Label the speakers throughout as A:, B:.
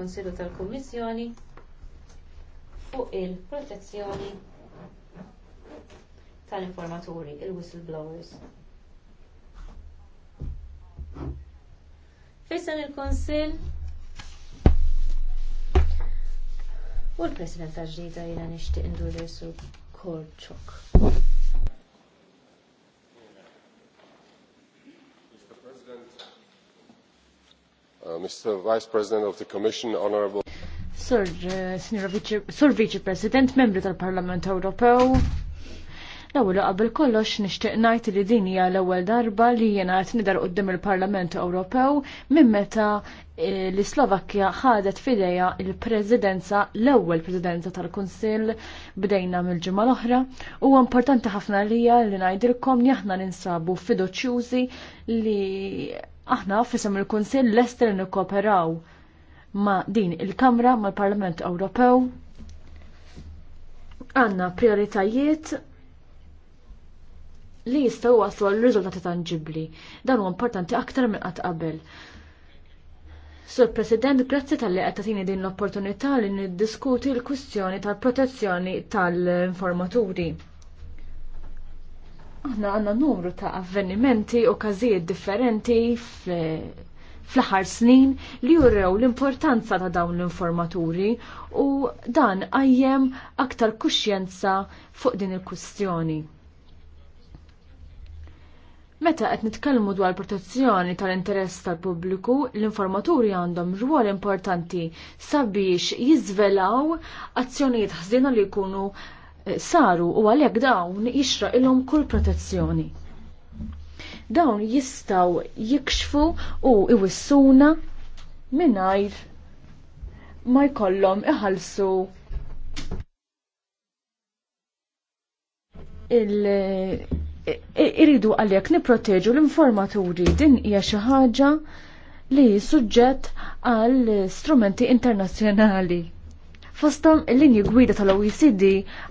A: Konsilu tal-Kummissjoni fuq il-protezzjoni tal-informaturi, il-whistleblowers. Fissan il-Konsil u l-President tal-ġdida jina nishtiq indur Sur Korċok.
B: Mr. Vice President of the Commission, Honorable.
A: Sir, uh, Sir Vice President, membri tal-Parlament Ewropew, L-ewwel qabel kollox nixtieq ngħid li din hija l-ewwel darba li jiena qed nidher quddiem il-Parlament Ewropew minn meta eh, li Slovakkja ħadet fidejha il-Presidenza l-ewwel Presidenza tal-Kunsill bdejna mill-ġimgħa l-oħra. Huwa importanti ħafna lija li ngħidilkom li aħna ninsabu fiduċjużi li aħna fisem il-Kunsill lester nikkooperaw ma' din il-Kamra mal-Parlament Ewropew. Għanna prioritajiet li jistaw waslu għal riżultati tangibli. Dan huwa importanti aktar minn qatt qabel. Sur President, grazzi tal-li qed din l-opportunità li niddiskuti l-kwistjoni tal-protezzjoni tal-informaturi aħna għanna numru ta' avvenimenti u kazijiet differenti fl-ħar snin li jurew l-importanza ta' dawn l-informaturi u dan għajjem aktar kuxjenza fuq din il-kustjoni. Meta qed nitkellmu dwar protezzjoni tal-interess tal-pubbliku, l-informaturi għandhom rwol importanti sabiex jiżvelaw azzjonijiet ħżina li jkunu saru u għalhekk dawn il-lom kull protezzjoni. Dawn jistaw jikxfu u iwissuna mingħajr ma jkollhom iħallsu il iridu għalhekk nipproteġu l-informaturi din hija xi ħaġa li suġġett għal strumenti internazzjonali fostom il-linji gwida tal-OECD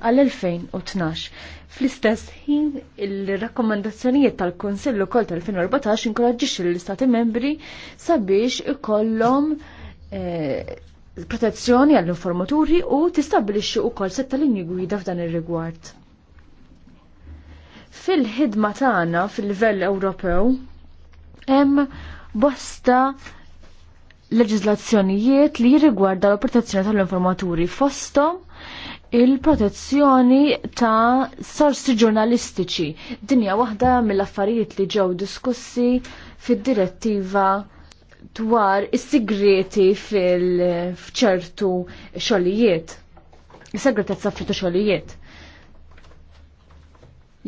A: għal-2012. Fl-istess ħin il-rakkomandazzjonijiet tal-Konsillu kol tal-2014 inkoraġġix l-Istati membri sabiex ikollhom eh, protezzjoni għall-informaturi u tistabilixxi wkoll setta linji gwida f'dan ir-rigward. Fil-ħidma tagħna fil-livell Ewropew hemm bosta leġizlazzjonijiet li jirrigwarda l protezzjoni tal-informaturi fostom il-protezzjoni ta' sorsi ġurnalistiċi. Dinja waħda mill-affarijiet li ġew diskussi fid-direttiva dwar is-sigreti fil-ċertu xogħlijiet. Is-segretezza ċertu xogħlijiet.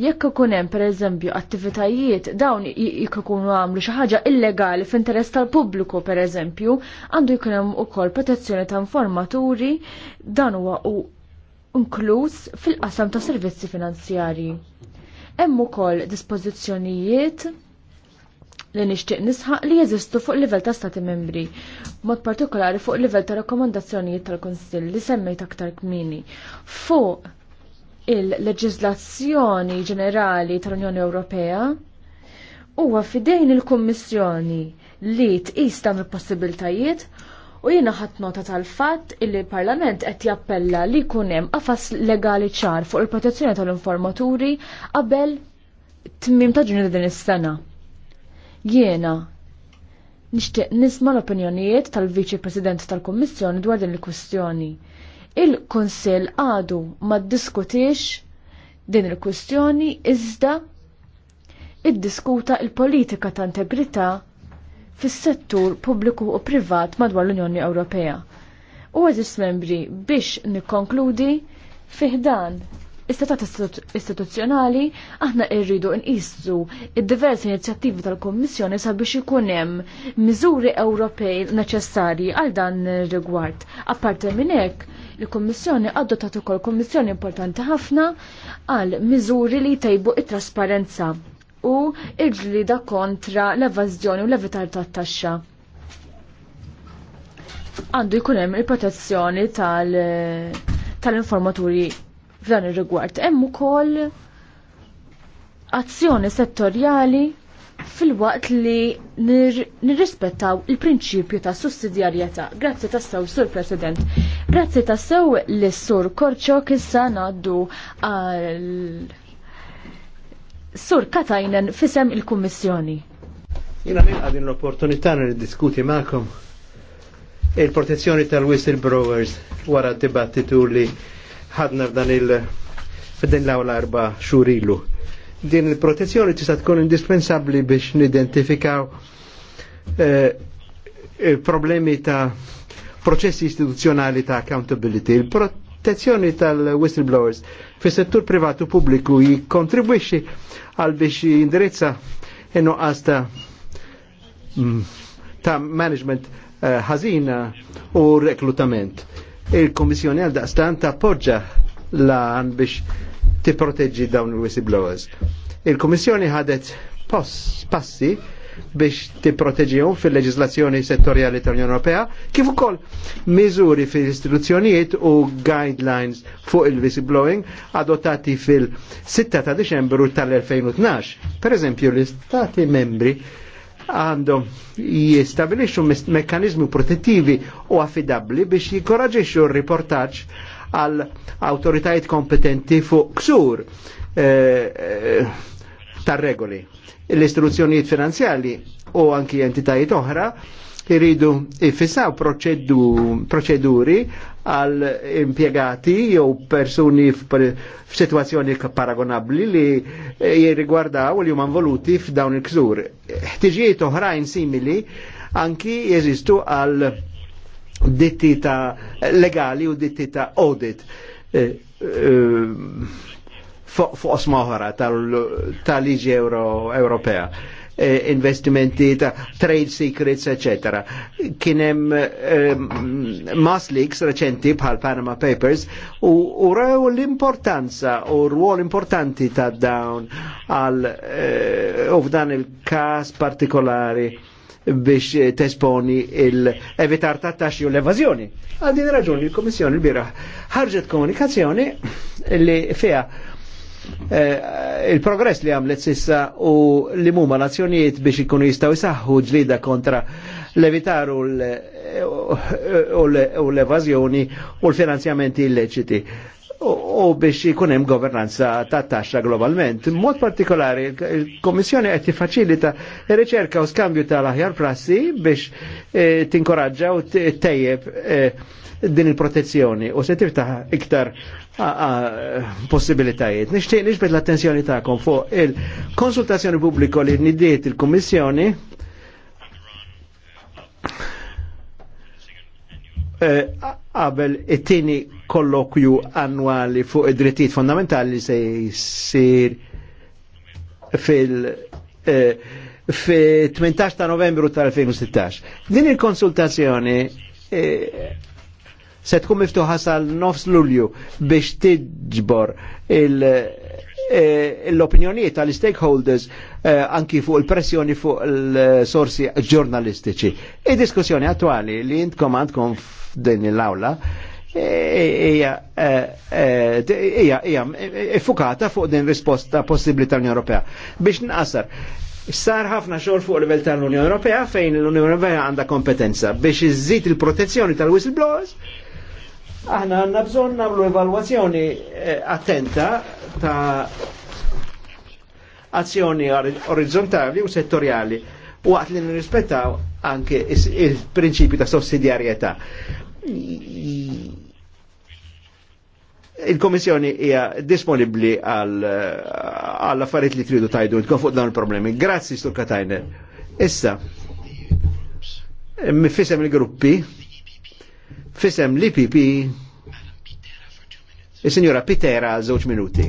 A: Jekk ikun hemm pereżempju attivitajiet dawn jekk ikunu għamlu xi ħaġa illegali f'interess tal-pubbliku pereżempju, għandu jkun hemm ukoll protezzjoni ta' informaturi dan huwa inkluż fil-qasam ta' servizzi finanzjarji. Hemm ukoll dispożizzjonijiet li nixtieq nisħaq li jeżistu fuq livell ta' stati membri, mod partikolari fuq livell ta' rakkomandazzjonijiet tal-Kunsill li semmejt aktar kmini. Fuq il-leġizlazzjoni ġenerali tal-Unjoni Ewropea huwa fidejn il-Kummissjoni li tqis dawn il-possibiltajiet u jiena ħadd nota tal-fatt li l-Parlament qed jappella li jkun hemm qafas legali ċar fuq il-protezzjoni tal-informaturi qabel tmim ta' ġunju din is-sena. Jiena nixtieq nisma' l-opinjonijiet tal-Viċi President tal-Kummissjoni dwar din il-kwistjoni Il-Konsil għadu ma diskutix din il-kustjoni iżda iddiskuta il-politika ta' integrità fis-settur pubbliku u privat madwar l-Unjoni Ewropea. U għazis membri biex nikkonkludi fiħdan istatat istituzzjonali aħna irridu nqisu id-diversi inizjattivi tal-Kommissjoni sabiex ikun hemm miżuri Ewropej neċessarji għal dan rigward. Apparti minn hekk, li kummissjoni adottat ukoll Kummissjoni importanti ħafna għal miżuri li jtejbu it-trasparenza u il-ġlida kontra l-evażjoni u l-evitar tat-taxxa. Għandu jkun hemm il-protezzjoni tal-informaturi tal f'dan ir-rigward. Hemm ukoll azzjoni settorjali fil-waqt li nirrispettaw il-prinċipju ta' sussidjarjetà. Grazzi tassaw, Sur President. Grazzi ta' sew l-sur Korċo kissa naddu għal Sur Katajnen fisem il-Kummissjoni.
C: Jina minn din l-opportunità niddiskuti ma'kom il-protezzjoni tal-whistleblowers wara d-dibattitu li ħadna f'dan il- f'din l-awla arba xurilu. Din il-protezzjoni tista' tkun indispensabbli biex nidentifikaw eh, problemi ta' proċessi istituzzjonali ta' accountability. Il-protezzjoni tal-whistleblowers fi settur privatu pubbliku jikontribwixxi għal biex indirizza innuqqas għasta mm, ta' management eh, ħazina uh, u reklutament. Il-Komissjoni għal daqstan ta' poġġa lan biex ti tipproteġġi dawn il-whistleblowers. Il-Komissjoni ħadet passi biex tipproteġihom fil-leġislazzjoni settorjali tal-Unjoni Ewropea, kif ukoll miżuri fil-istituzzjonijiet u guidelines fuq il-whistleblowing adottati fil-6 ta' Diċembru tal-2012. Per eżempju, l-Istati membri għandhom jistabilixxu mekkanizmi protettivi u affidabli biex jikoraġixxu r-riportaġġ għal autoritajiet kompetenti fuq ksur. Eh, eh, tar-regoli. L-istruzzjonijiet finanzjali u anki entitajiet oħra iridu ifissaw proċeduri għal impiegati jew persuni f'sitwazzjoni paragonabli li jirrigwardaw li huma involuti f'dawn il-kżur. Ħtiġijiet oħrajn simili anki jeżistu għal ditti ta' legali u ditti ta' audit. Eh, eh, fuq osmohra tal-liġi Ewropea e, investimenti ta' trade secrets, etc. Kienem e, mass leaks recenti bħal Panama Papers u, u rew l-importanza u rwol importanti ta' dawn għal e, u f'dan il-kas partikolari biex tesponi il-evitar ta' taxxi u l-evazjoni. Għaddin raġuni il-Komissjoni l-bira ħarġet komunikazzjoni li fija Eh, il-progress li għamlet sissa u li mumma nazzjonijiet biex ikunu jistaw jisaħħu ġlida kontra eh, u l-evazjoni u l-finanzjamenti illeċiti u biex ikunem governanza ta' taxxa globalment. Mod partikolari, il-Kommissjoni qed tiffaċilita riċerka u skambju tal-aħjar prassi biex eh, tinkoraġġa u tejjeb din il-protezzjoni u se tiftaħ iktar possibilitajiet. Nixtieq nixbet l-attenzjoni takom fuq il-konsultazzjoni pubbliku li nidiet il-Kummissjoni Għabel eh, it-tieni kollokju annwali fuq id-drittijiet fondamentali se jisir fil- eh, fi 18 ta' novembru tal-2016. Din il-konsultazzjoni eh, se tkun miftuħa sal nofs lulju biex tiġbor eh, l-opinjonijiet tal-stakeholders eh, anki fuq il-pressjoni fuq l-sorsi ġurnalistiċi. Id-diskussjoni attuali li jintkom għandkom f'din l-awla eh, hija effukata fuq din risposta possibbli tal-Unjoni Ewropea. Biex nqasar, sar ħafna xogħol fuq livell tal-Unjoni Ewropea fejn l-Unjoni Ewropea għandha kompetenza biex iżżid il-protezzjoni tal-whistleblowers Aħna għanna bżon namlu evalwazzjoni eh, attenta ta' azzjoni orizzontali u settoriali għat li nirrispettaw anke il-prinċipi ta' sussidjarjetà. Il-Komissjoni hija disponibli għall affarijiet li tridu tajdu tkun fuq dawn il-problemi. Grazzi Stur Katajner. Issa, eh, mifisem il-gruppi, Fisem l-IPP, il-Signora Pitera għal żewġ minuti.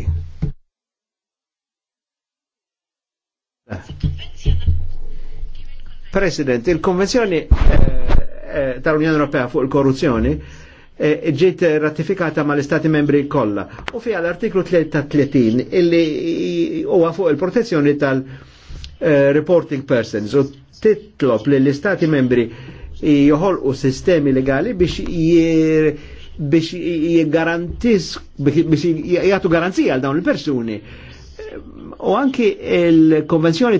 C: President, il-Konvenzjoni eh, eh, tal-Unjoni Ewropea fuq il-korruzzjoni eh, ġiet ratifikata mal istati membri kollha. U fiha l-artiklu 33 illi huwa fuq il-protezzjoni tal-reporting persons u titlob li l-istati membri joħolqu sistemi legali biex jir biex jgarantis, biex jgħatu garanzija għal dawn il-persuni. U anki il-konvenzjoni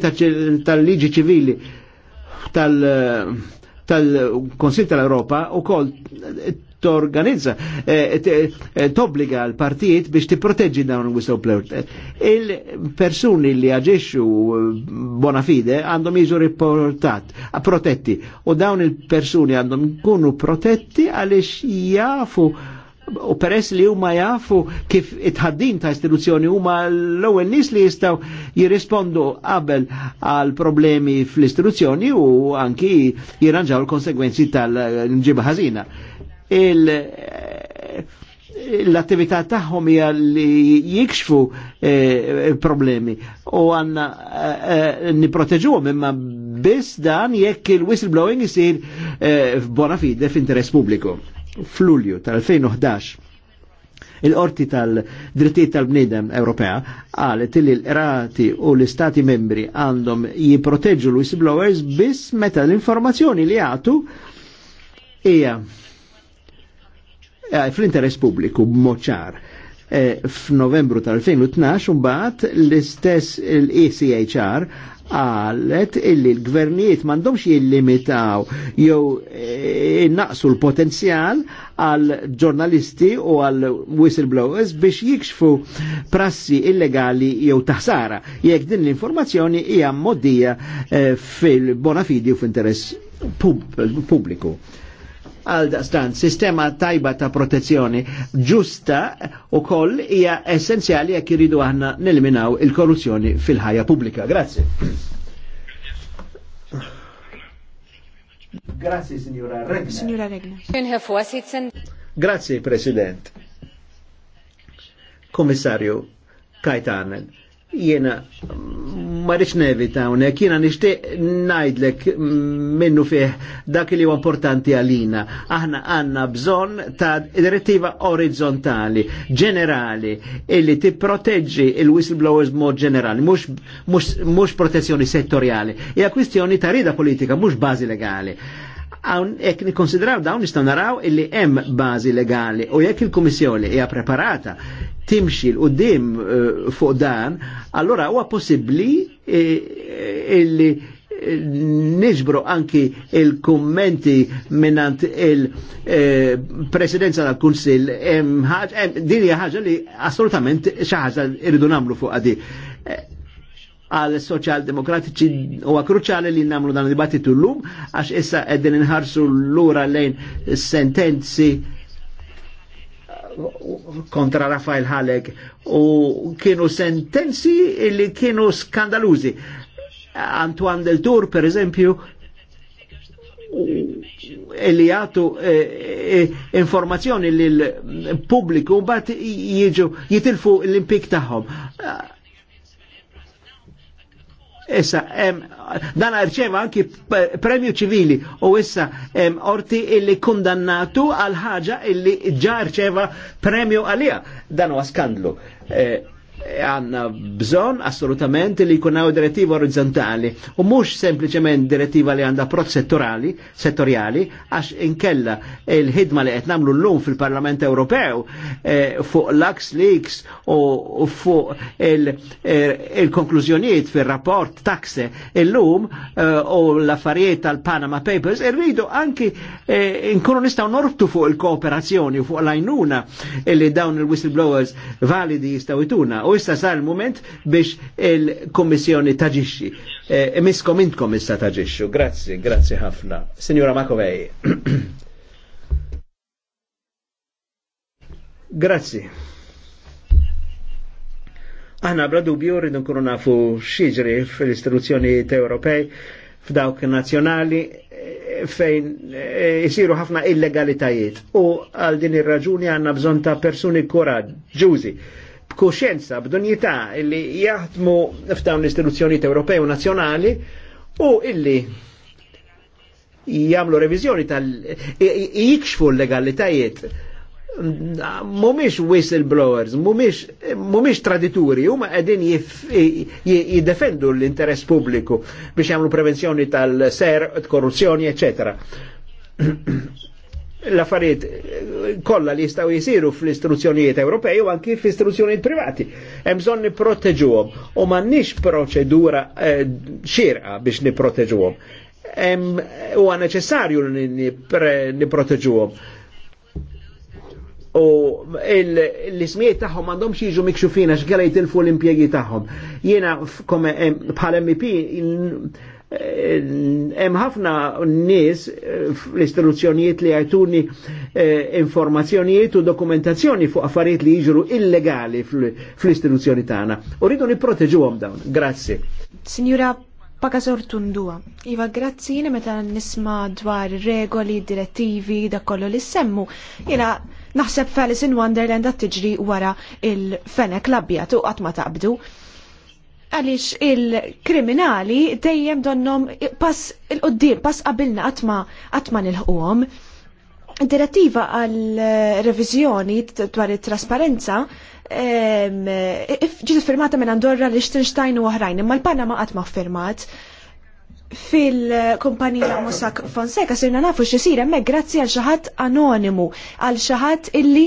C: tal-liġi ċivili tal-Konsil tal-Europa u kol Eh, t eh, tobbliga l-partijiet biex t-proteġi dawn il-whistleblower. Il-persuni li aġixxu eh, bona fide għandhom jiġu riportat, protetti, u dawn il-persuni għandhom kunu protetti għalix jafu u peress li huma jafu kif itħaddin ta' istituzzjoni huma l-ewwel nies li jistgħu jirrispondu qabel għal problemi fl-istituzzjoni u anki jirranġaw l-konsegwenzi tal-ġiba ħażina l-attività tagħhom hija li jikxfu eh, problemi u għanna eh, eh niproteġuhom imma biss dan jekk il-whistleblowing isir eh, f'bona fide f'interess pubbliku. F'Lulju tal-2011 il-qorti tal-drittijiet tal-bnidem Ewropea għalet li l-rati u l-istati membri għandhom jiproteġu l-whistleblowers biss meta l-informazzjoni li għatu hija Eh, fl-interess pubbliku b'moċar. Eh, F'Novembru tal-2012 mbagħad l-istess l-ECHR għalet illi l-gvernijiet mandomx jillimitaw jew eh, innaqsu l-potenzjal għal ġurnalisti u għal whistleblowers biex jikxfu prassi illegali jew taħsara jekk din l-informazzjoni hija moddija fil-bona fidi u f'interess pubbliku. Pub għal dan sistema tajba ta' protezzjoni ġusta u koll hija essenzjali jekk iridu aħna neliminaw il-korruzzjoni fil-ħajja pubblika. Grazie. Grazie, signora Regna. Signora Regna. Grazie, President. Commissario Kajtanen Jena ma rridx nevita hawnhekk, jiena nixtieq najdlek minnu fih dak li huwa importanti għalina. Aħna għanna bżon ta' direttiva orizzontali, ġenerali, illi ti proteġi il-whistleblowers mod ġenerali, mux protezzjoni settoriali. Hija kwistjoni ta' rida politika, mux bazi legali għawn ek nikonsidraw dawn nistaw naraw illi hemm bazi legali u jekk il komissjoni hija preparata timxi l-qoddim eh, fuq dan, allora huwa possibbli eh, illi eh, niġbru anki il-kommenti minnant il-presidenza tal kunsil din ħaġa li assolutament xaħġa irridu namlu fuq għadi. Għal soċjal-demokratiċi huwa kruċjali li namlu dan dibattitu l-lum, għax issa nħarsu l lura lejn sentenzi kontra Rafael Halek u kienu sentenzi li kienu skandaluzi. Antoine del Tour, per eżempju, li jgħatu eh, eh, informazzjoni l publiku bat jieġu jitilfu l-impik taħħom Issa, dan rċeva anki premju ċivili u issa orti illi kundannatu għal ħaġa illi ġa rċeva premju għalija. Dan huwa skandlu. Eh, għanna bżon assolutament li jkunaw direttiva orizzontali u mux sempliciment direttiva li għanda prot settorali, settoriali, għax inkella il-ħidma li qed namlu l-lum fil-Parlament Ewropew eh, fuq lax Leaks u fuq eh, il-konklużjonijiet il konklużjoniet il fil rapport taxe il-lum eh, u l-affarijiet tal-Panama Papers irridu anki eh, inkunu nistaw nortu fuq il-kooperazzjoni u fuq l-ajnuna li dawn il-whistleblowers validi jistaw ituna u issa sar l moment biex il-Kommissjoni taġixxi. E, miskom intkom issa taġixxu. Grazzi, grazzi ħafna. Signora Makovej. grazzi. Aħna bla dubju rridu nkunu nafu xiġri fl-istituzzjonijiet Ewropej f'dawk nazzjonali e, fejn jisiru e, ħafna illegalitajiet. U għal din ir-raġuni għandna bżonn ta' persuni koraġġużi b'kuxjenza, b'dunjità illi jaħdmu f'dawn l-istituzzjonijiet Ewropej u nazzjonali u illi jagħmlu reviżjoni tal jikxfu l-legalitajiet mumiex whistleblowers, mumiex, mumiex tradituri, huma qegħdin jiddefendu l-interess pubbliku biex jagħmlu prevenzjoni tal-ser, korruzzjoni, eccetera. l-affarijiet kollha li jistgħu jisiru fl-istruzzjonijiet Ewropej u anki fl-istruzzjonijiet privati. Hemm bżonn nipproteġuhom u m'għandniex proċedura eh, xierqa biex nipproteġuhom. Huwa neċessarju li nipproteġuhom. U l-ismijiet tagħhom għandhomx jiġu mikxufina x'għalej tilfu l-impjegi tagħhom. Jiena bħal MP Eh, hemm ħafna nies eh, l-istituzzjonijiet li jgħajtuni eh, informazzjonijiet u dokumentazzjoni fuq affarijiet li jiġru illegali fl-istituzzjoni tagħna. U rridu nipproteġuhom dawn. Grazzi. Signora Pakazor Tundua,
D: Iva, grazzi jina meta nisma dwar regoli, direttivi, da kollu li semmu. Jena naħseb Alice in Wonderland għat tiġri wara il-fenek labjat u għatma taqbdu għaliex il-kriminali dejjem donnom pass il-qoddim, pass qabilna għatma għatma nil-ħuħom. Direttiva għal-revizjoni dwar it-trasparenza ġiet firmata minn Andorra, Liechtenstein u oħrajn, imma l-Panama għatma firmat fil-kumpanija Mossack Fonseca sirna nafu xisir hemmhekk grazzi għal xi ħadd anonimu, għal xi ħadd illi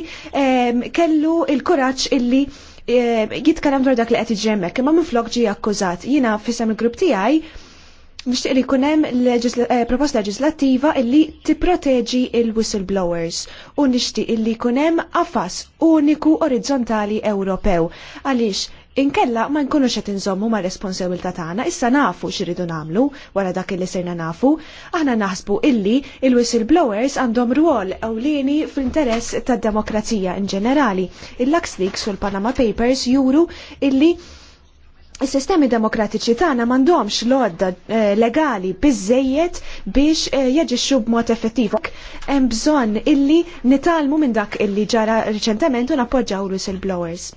D: kellu il-kuraġġ illi Eh, kalam dwar dak li qed iġemmek, imma minflok ġie akkużat. Jiena fissam il-grupp tiegħi nixtieq li jkun hemm eh, proposta leġislattiva illi tipproteġi il-whistleblowers u nixtieq illi jkun hemm uniku orizzontali Ewropew. Għaliex Inkella ma nkunux qed tinżommu ma' responsabilità tagħna, issa nafu x'iridu nagħmlu wara dak li sejna nafu, aħna naħsbu illi il-whistleblowers għandhom ruol ewlieni fl-interess tad-demokrazija in ġenerali. Il-Lux Leaks u l-Panama Papers juru illi Is-sistemi demokratiċi tagħna m'għandhomx l-għodda eh, legali biżejjed biex eh, jaġixxu b'mod effettiv. Hemm bżonn illi nitalmu minn dak illi ġara riċentement u nappoġġaw whistleblowers.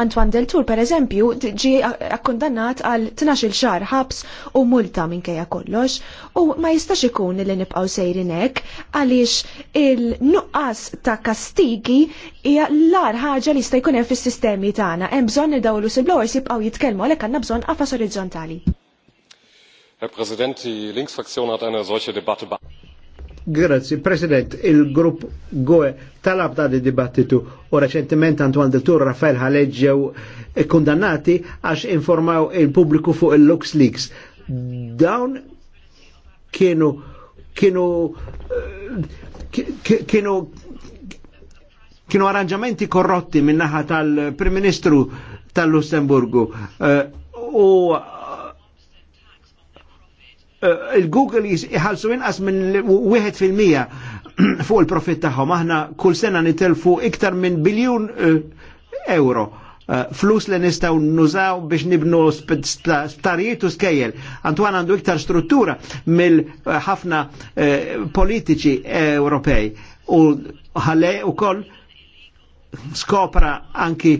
D: Antoine Deltour, per eżempju, ġi akkondannat għal 12 xar ħabs u multa minkejja kollox u ma jistax ikun li nibqaw sejrinek għaliex il-nuqqas ta' kastigi hija l-ar ħaġa li jista' jkun hemm fis-sistemi tagħna. Hemm bżonn nidawlu dawn whistleblowers jibqgħu jitkellmu għalhekk għandna bżonn qafas orizzontali.
B: Herr Präsident, die Linksfraktion hat eine solche Debatte
C: Grazie, President, il-grupp GOE talab da di dibattitu u recentement Antoine del Tur Rafael e condannati għax informaw il-pubbliku fuq il-Lux Leaks. Dawn kienu kienu eh, kienu kienu arranġamenti korrotti minnaħa tal-Prim Ministru tal-Lussemburgu eh, u Eh, il-Google jħalsu inqas minn 1% fuq il-profit tagħhom. Aħna kull sena nitelfu iktar minn biljun eh, euro eh, flus li nistaw nużaw biex nibnu sptarijiet u skejjel. Antwan għandu iktar struttura mill-ħafna politiċi Ewropej u ħalle u koll skopra anki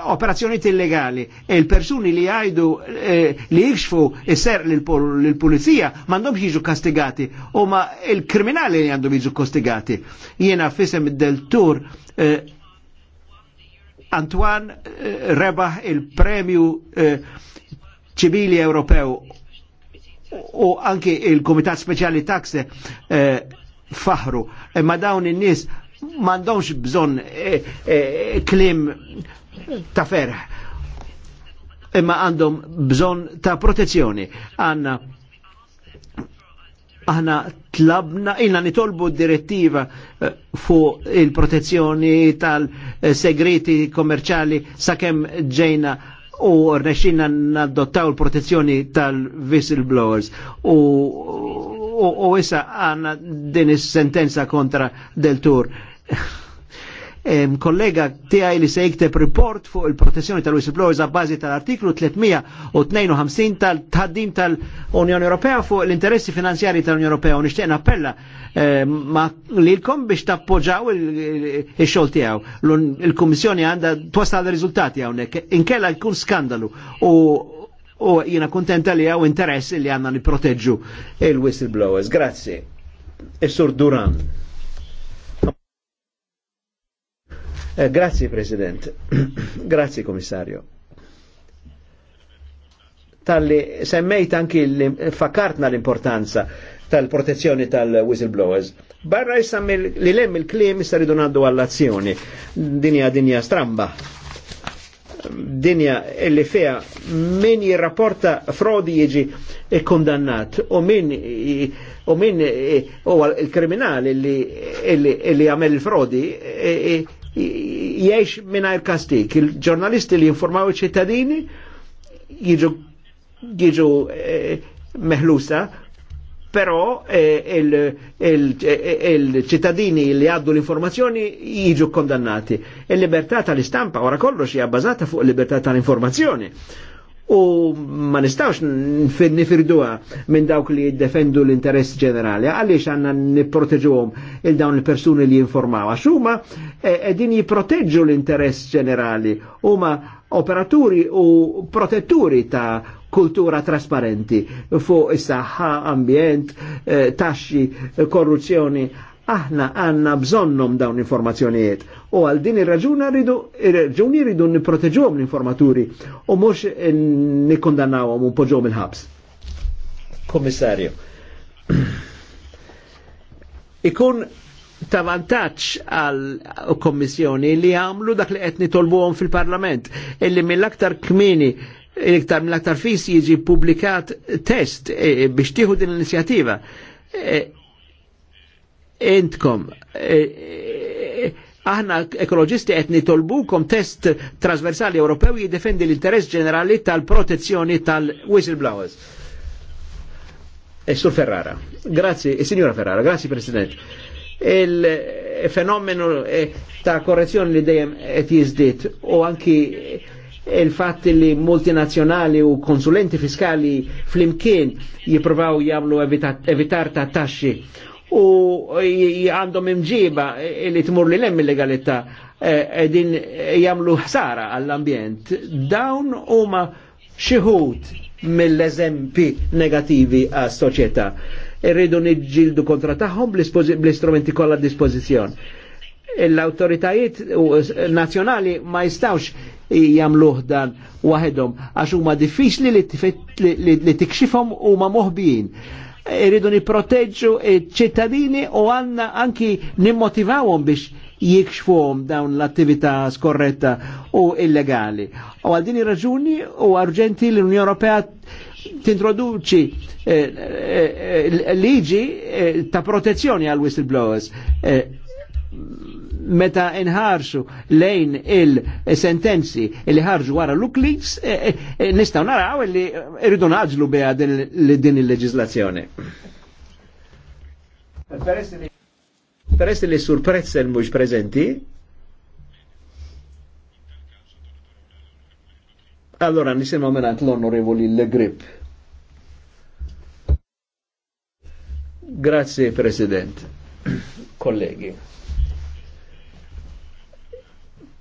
C: operazzjoniet illegali e l-persuni li għajdu eh, li jikxfu s-ser e l-pulizija mandomx jiġu kastigati u ma il-kriminali li għandhom jiġu kastigati. Jiena fissem del-tur eh, Antoine eh, rebaħ il-premju e, ċivili Ewropew u anki il-Komitat Speċjali Taxe e, faħru. Ma dawn in-nies mandomx bżon klim ta' ferħ. Imma għandhom bżon ta' protezzjoni. Għanna aħna tlabna, illa nitolbu direttiva eh, fu il-protezzjoni tal-segreti kommerċali sakemm ġejna u rnexina nadottaw il-protezzjoni tal-whistleblowers u u issa għanna din is-sentenza kontra del tur kollega tiegħi li se jikteb report fuq il-protezzjoni tal-whistleblowers għabbażi tal-artiklu 352 tal-tħaddim tal-Unjoni Ewropea fuq l-interessi finanzjari tal-Unjoni Ewropea u nixtieq appella ma lilkom biex tappoġġaw il-xogħol tiegħu. Il-Kummissjoni għandha twasal riżultati hawnhekk. Inkella jkun skandalu u u jina kontenta li għaw interess li għanna niproteġu il-whistleblowers. Grazie. Essur Duran. Eh, grazie Grazzi, President. Grazzi, Komissarju. Talli semmejt anki fakkartna l-importanza tal-protezzjoni tal-whistleblowers. Barra jissam li lemm il-klim jissar ridu għaddu għall-azzjoni. Dinja dinja stramba dinja illi feja min jirrapporta frodi jieġi e kondannat u min u min u il-kriminali illi għamel il-frodi e, jiex minna il kastik. Il-ġurnalisti li informaw il ċittadini jiġu jiġu eh, meħlusa, però eh, il-ċittadini il, il, eh, il li għaddu l-informazzjoni jiġu kondannati. Il-libertà tal-istampa ora kollox hija bbażata fuq il-libertà tal-informazzjoni u ma nistawx nifirduha minn dawk li jiddefendu l-interess ġenerali, għaliex għanna niproteġuhom il-dawn il-persuni li jinformaw, għax huma qegħdin jipproteġġu l-interess ġenerali, huma operaturi u protetturi ta' kultura trasparenti fuq is-saħħa, ambjent, e, taxxi, e, korruzzjoni, aħna għanna bżonnom dawn informazzjonijiet u għal din ir-raġuna rridu ir-raġuni rridu nipproteġuhom l-informaturi u mhux nikkondannawhom u poġġhom il-ħabs. Kommissarju. Ikun ta' vantaġġ għal kommissjoni li għamlu dak li qed nitolbuhom fil-Parlament illi mill-aktar kmini iktar mill-aktar fis jiġi publikat test e, e, biex tieħu din l-inizjattiva. E, intkom e, e, aħna ekologisti qed nitolbukom test trasversali Ewropew jiddefendi l-interess ġenerali tal-protezzjoni tal-whistleblowers. E, sur Ferrara. Grazie, e signora Ferrara, grazie President. Il-fenomenu ta' korrezzjoni li dejjem qed jiżdied u anki il-fatt li multinazzjonali u konsulenti fiskali flimkien jippruvaw jagħmlu evitar ta' taxxi u għandhom imġiba li tmur li lemm il-legalità e, din jamlu ħsara għall-ambjent. Dawn huma xiħut mill-eżempi negativi għas soċjetà Irridu niġġildu kontra tagħhom bl-istrumenti kollha dispożizzjoni. L-autoritajiet nazzjonali ma jistawx jamluħ dan waħedhom għax huma diffiċli li tikxifhom huma moħbijin irridu niproteġġu ċittadini u għanna anki nimmotivawhom biex jikxfuhom dawn l-attività skorretta u illegali. U għal dini raġuni u arġenti l-Unjoni Ewropea tintroduċi eh, eh, eh, liġi ta' protezzjoni għal whistleblowers meta inħarsu lejn il-sentenzi li ħarġu wara l-uklis, e, e, e, nistaw naraw li irridu naġlu beha din il-leġizlazzjoni. Peress li surprezz il prezenti, allora nisimgħu mingħand l-onorevoli Le Grip. Grazie President, kollegi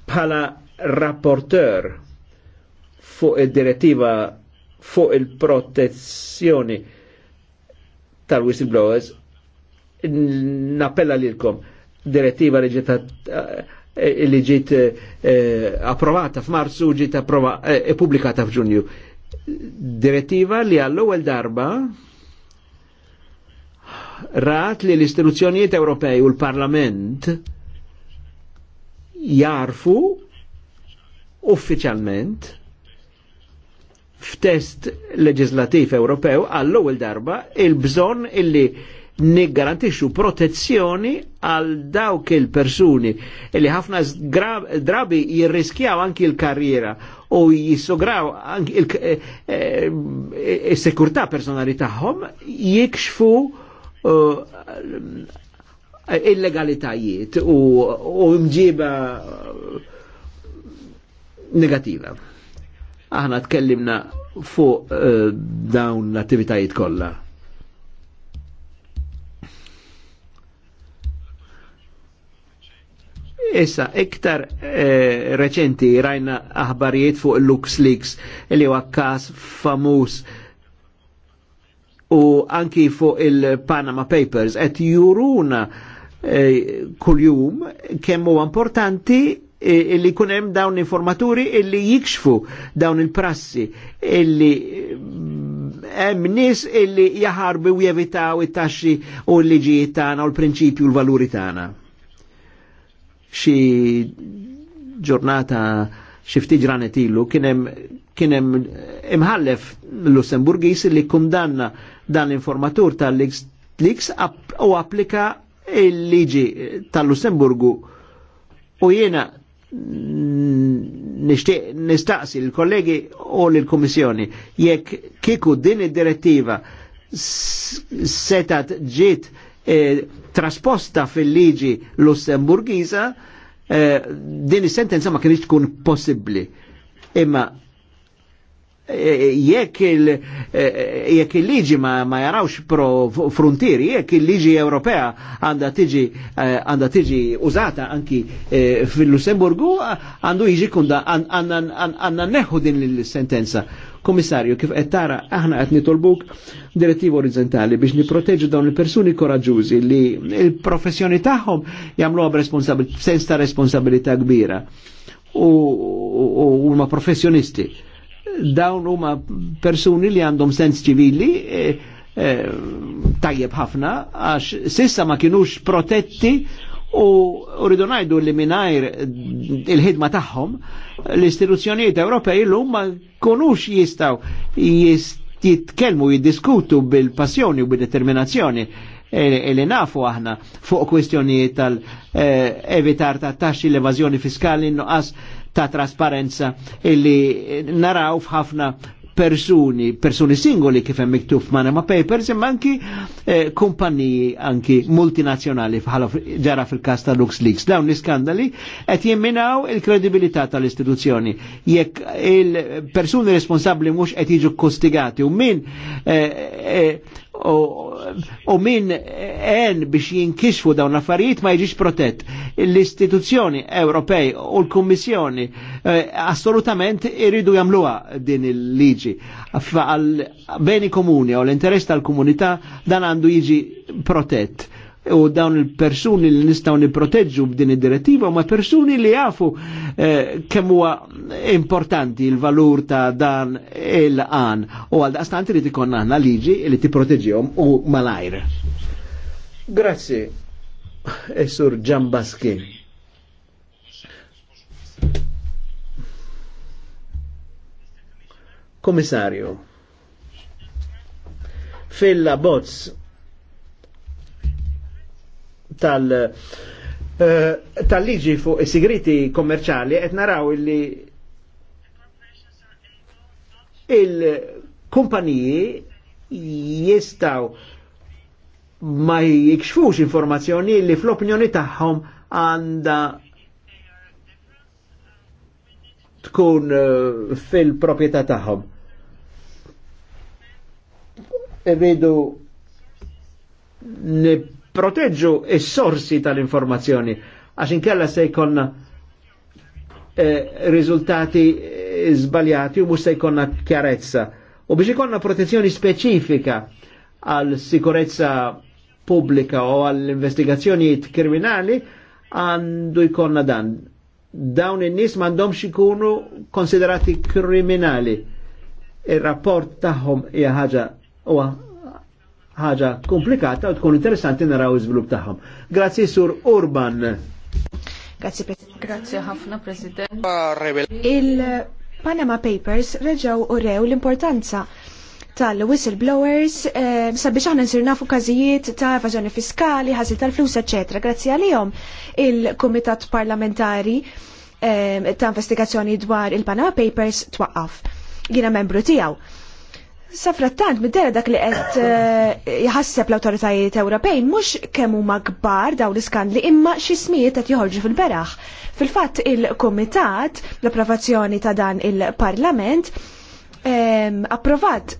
C: bħala rapporteur fuq id-direttiva fuq il-protezzjoni tal-whistleblowers nappella lilkom direttiva li ġiet eh, li ġiet eh, approvata f'Marzu ġiet eh, pubblikata f'Ġunju. Direttiva li għall-ewwel darba rat li l-istituzzjonijiet Ewropej u l-Parlament jarfu uffiċjalment f'test leġislativ Ewropew għall-ewwel darba il-bżonn illi niggarantixxu protezzjoni għal dawk il-persuni li ħafna drabi jirriskjaw anki l-karriera u jissograw anki il-sekurtà eh, eh, personali tagħhom jikxfu eh, illegalitajiet u, u mġiba negativa. Aħna tkellimna fuq uh, dawn l-attivitajiet kollha. Issa, iktar eh, reċenti rajna aħbarijiet fuq LuxLeaks li huwa kas famus u anki fuq il-Panama Papers et juruna kuljum kemm huwa importanti e, illi kun hemm dawn informaturi illi jikxfu dawn il-prassi illi mm, hemm nis illi jaħarbu u jevitaw it-taxxi u l-liġijiet tagħna u l-prinċipju u l-valuri tagħna. Xi ġurnata xi ftit ġranet ilu kien hemm kien hemm imħallef Lussemburgis li kundanna dan l-informatur tal-Lix u applika il-liġi tal-Lussemburgu u jena nistaqsi l-kollegi u l-Komissjoni jekk kiku din id-direttiva setat ġiet eh, trasposta fil-liġi lussemburgiza eh, din is-sentenza ma kienx tkun possibbli. Imma Eh, eh, eh, jekk il-liġi ma, ma jarawx pro frontieri, jekk il-liġi Ewropea għanda tiġi għanda tiġi użata anki fil-Lussemburgu għandu jiġi kunda għanna neħu din l-sentenza. Komissarju, kif qed tara aħna qed nitolbuk direttiva orizzontali biex niproteġu dawn il-persuni koraġużi li il-professjoni tagħhom jagħmluha sens ta' responsabilità kbira u ma professjonisti dawn huma persuni li għandhom sens ċivili e, e, tajjeb ħafna għax sissa ma kienux protetti u rridu najdu li minajr il-ħidma tagħhom l-istituzzjonijiet Ewropej l-lum ma konux jistaw jitkelmu jiddiskutu bil-passjoni u bil-determinazzjoni e, li nafu aħna fuq kwestjonijiet tal-evitar ta' taxxi l-evażjoni fiskali inqas. no ta' trasparenza illi naraw f'ħafna persuni, persuni singoli kif hemm miktub f'Manama Papers, imma anki eh, kumpaniji anki multinazzjonali bħala ġara fil-kas ta' LuxLeaks. Dawn l-iskandali qed jimminaw il-kredibilità tal-istituzzjoni. Jekk il-persuni responsabbli mhux qed jiġu kostigati u min eh, eh, u min en biex jinkisfu dawn affarijiet ma jiġix protett. L-istituzzjoni Ewropej u l kommissjoni eh, assolutament iridu jamluwa din il-liġi. Għal beni komuni u l-interess tal-komunità dan għandu jiġi protett u dawn il-persuni li nistaw niproteġġu b'din id-direttiva ma persuni li jafu eh, kemm huwa importanti il-valur ta' dan il-qan u għal daqstant li tikon aħna liġi li tipproteġihom u malajr. Grazzi, Esur Ġambaski. Komissarju, fil-la bozz tal- eh, tal-liġi fuq is-sigriti kommerċali qed naraw illi il-kumpaniji jistaw ma jikxfux informazzjoni li fl-opinjoni tagħhom għanda tkun eh, fil-propieta tagħhom. Irridu nipproteġġu is-sorsi tal-informazzjoni għax inkella se jkonna eh, riżultati eh, zbaljati u mhux se jkollna chiarezza. U biex ikonna protezzjoni speċifika għal sikurezza pubblika u għall investigazzjoni kriminali għandu jkollna dan. Dawn in-nies m'għandhomx ikunu konsiderati kriminali. Ir-rapport tagħhom hija ħaġa ħaġa komplikata u tkun interessanti naraw iżvilupp tagħhom. Grazzi sur Urban.
D: Grazzi Grazzi ħafna President. Ah, Il-Panama Papers reġaw u rew l-importanza tal-whistleblowers eh, sabiex aħna nsir nafu każijiet ta' evażjoni fiskali, ħażil tal-flus, eċetera. Grazzi għalihom il-Kumitat Parlamentari eh, ta' investigazzjoni dwar il-Panama Papers twaqqaf. Jiena membru tiegħu. Safrattant, mid-dera dak li qed eh, jħasseb l-autoritajiet Ewropej mhux kemm huma kbar daw l-iskandli imma xi smijiet qed joħorġu fil-beraħ. Fil-fatt il-Kumitat l-approvazzjoni ta' dan il-Parlament approvat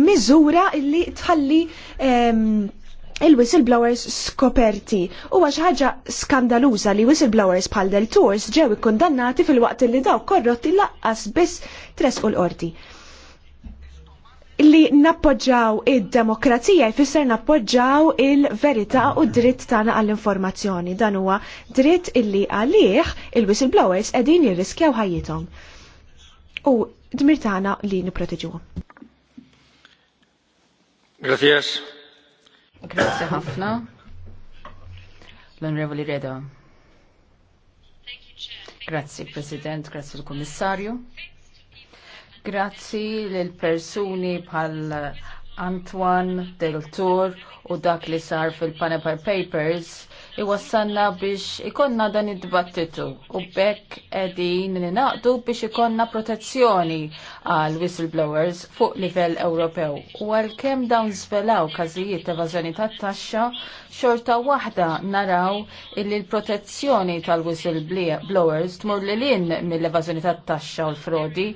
D: miżura li tħalli il-whistleblowers skoperti. U għax ħaġa skandaluża li whistleblowers bħal del tours ġew ikkondannati fil-waqt li daw korrotti laqqas biss tres u l-qorti li nappoġġaw id-demokrazija jfisser nappoġġaw il-verità u dritt tagħna għall-informazzjoni. Dan huwa dritt illi għalih il-whistleblowers qegħdin jirriskjaw ħajjithom. U dmir tagħna li nipproteġu. Grazie. Grazie ħafna.
B: L-Onorevoli Reda. Grazie President, grazie l kummissarju Grazzi lil persuni bħal Antoine Del Tour u dak li sar fil-Panama Papers iwassalna biex ikonna dan id-dibattitu u bekk edin li naqdu biex ikonna protezzjoni għal whistleblowers fuq livell Ewropew. U għal-kem dawn zvelaw kazijiet evażjoni tat-taxxa, xorta waħda naraw illi l-protezzjoni tal-whistleblowers tmur li lin mill-evażjoni tat-taxxa u l-frodi,